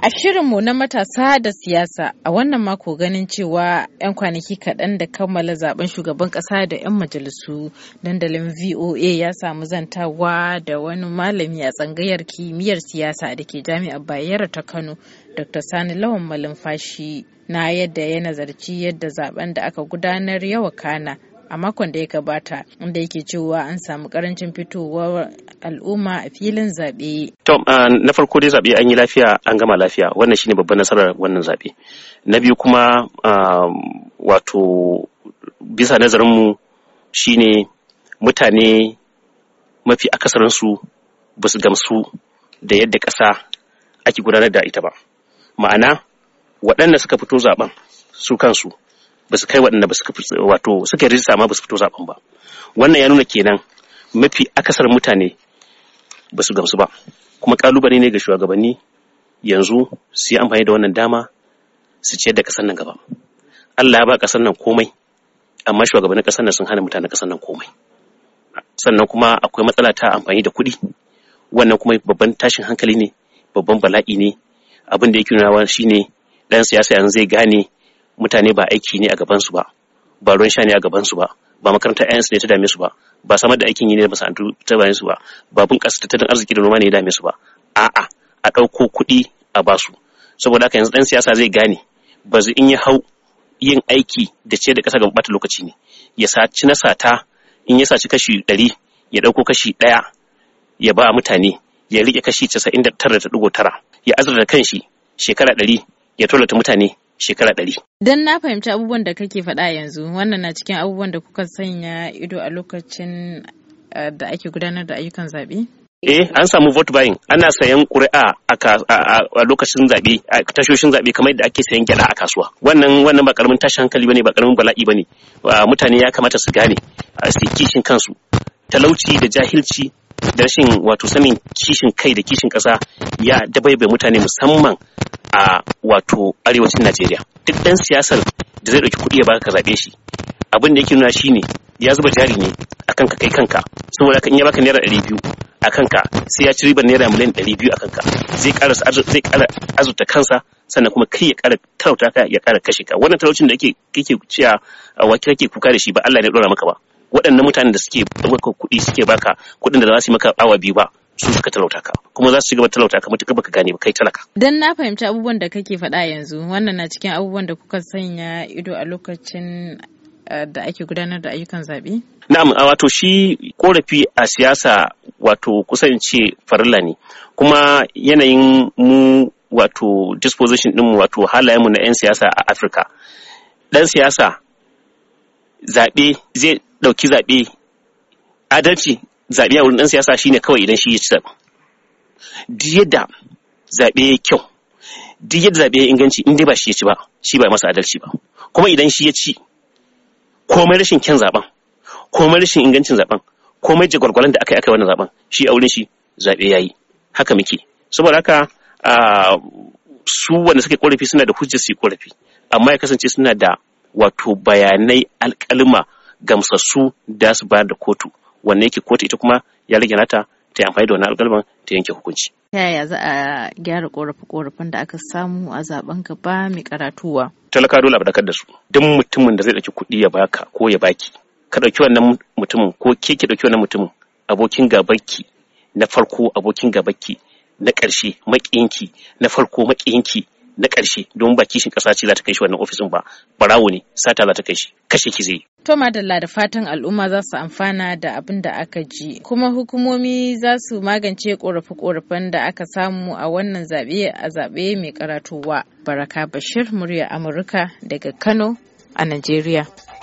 A shirinmu na matasa da siyasa a wannan mako ganin cewa 'yan kwanaki kaɗan da kammala zaben shugaban ƙasa da 'yan majalisu dandalin VOA ya samu zantawa da wani malami a tsangayar kimiyyar siyasa da ke jami'ar Bayero ta Kano, Dr. Sani Lawan Malumfashi na yadda ya nazarci yadda zaben da aka gudanar yawa kana a makon da ya gabata inda yake cewa an samu karancin fitowar al'umma a filin zaɓe. na farko dai zaɓe an yi lafiya an gama lafiya wannan shine babban nasarar wannan zaɓe. Na biyu kuma wato bisa nazarinmu shine mutane mafi akasarinsu ba su gamsu da yadda ƙasa ake gudanar da ita ba. Ma'ana waɗanda suka fito zaɓen su kansu ba kai waɗanda ba su wato suke rijista ma ba su fito zaben ba wannan ya nuna kenan mafi akasar mutane ba gamsu ba kuma kalubale ne ga shugabanni yanzu su yi amfani da wannan dama su ciyar da kasar nan gaba Allah ya ba kasar nan komai amma shugabannin kasar nan sun hana mutane ƙasar nan komai sannan kuma akwai matsala ta amfani da kuɗi wannan kuma babban tashin hankali ne babban bala'i ne abin da yake nunawa shine dan siyasa yanzu zai gane mutane ba aiki ne a gabansu ba ba ruwan sha ne a gabansu ba ba makarantar ayansu ne ta dame su ba ba samar da aikin yi ne da masana'antu ta dame su ba ba bunƙasa tattalin arziki da noma ne ya dame su ba a'a a ɗauko kuɗi a ba su. saboda haka yanzu ɗan siyasa zai gane ba zu in ya hau yin aiki da ce da ƙasa ga ɓata lokaci ne ya saci na sata in ya saci kashi ɗari ya ɗauko kashi ɗaya ya ba mutane ya riƙe kashi casa'in da tara da ɗigo tara ya azurta kanshi shekara ɗari ya tolata mutane shekara ɗari. Dan na fahimci abubuwan da kake faɗa yanzu wannan na cikin abubuwan da kuka sanya ido a lokacin da ake gudanar da ayyukan zaɓe? Eh, an samu vote buying ana sayan ƙuri'a a lokacin zaɓe a tashoshin zaɓe kamar yadda ake sayan gyaɗa a kasuwa. Wannan wannan ba ƙaramin tashin hankali bane ba ƙaramin bala'i bane. Mutane ya kamata su gane su kishin kansu. Talauci da jahilci da rashin wato sanin kishin kai da kishin ƙasa ya dabaibaye mutane musamman a wato arewacin Najeriya duk ɗan siyasar da zai ɗauki kuɗi ya baka zaɓe shi abin da yake nuna shi ne ya zuba jari ne akan ka kai kanka saboda kan ya baka naira ɗari biyu a kanka sai ya ci ribar naira miliyan ɗari biyu a kanka zai ƙara zai ƙara azurta kansa sannan kuma kai ya ƙara talauta ka ya ƙara kashe ka wannan talaucin da yake kake cewa wa kake kuka da shi ba Allah ne ɗora maka ba waɗannan mutanen da suke baka kuɗi suke baka kuɗin da za su yi maka awa biyu ba su suka talauta ka kuma za su gaba talauta ka matuƙar baka gane kai talaka dan na fahimci abubuwan da kake faɗa yanzu wannan na cikin abubuwan da kuka sanya ido a lokacin eh, da ake gudanar da ayyukan zaɓe? Na'am, wato shi korafi a siyasa wato ce farilla ne, kuma yanayin mu wato disposition mu wato halayen mu na 'yan siyasa a Afirka. Ɗan siyasa zaɓe zai ɗauki zaɓe adalci zaɓe a wurin ɗan siyasa shine kawai idan shi ya ci zaɓen duk yadda zaɓe ya kyau duk yadda zaɓe ya inganci in dai ba shi ya ci ba shi ba masa adalci ba kuma idan shi ya ci komai rashin kyan zaɓen komai rashin ingancin zaɓen komai jagwalgwalan da aka yi aka yi wannan zaɓen shi a wurin shi zaɓe ya yi haka muke saboda haka su wanda suke korafi suna da hujjar su korafi amma ya kasance suna da wato bayanai alƙalma gamsassu da su bayar da kotu wanne yake kotu ita kuma ya rage nata ta yi amfani da wani alƙalman ta yanke hukunci. Ta yaya za a gyara ƙorafe korafin da aka samu a zaben gaba mai karatuwa? Talaka dole a faɗakar da su. Duk mutumin da zai ɗauki kuɗi ya baka ko ya baki. Ka ɗauki wannan mutumin ko ke ki ɗauki wannan mutumin abokin gabanki na farko abokin gabanki na ƙarshe maƙiyinki na farko maƙiyinki na ƙarshe don ba kishin ƙasa ce za ta kai shi wannan ofisin ba barawo ne sata za ta kai shi kashe ki zai to madalla da fatan al'umma za su amfana da abin da aka ji kuma hukumomi za su magance korafe-korafen da aka samu a wannan zaɓe a zaɓe mai karatuwa baraka bashir murya amurka daga kano a najeriya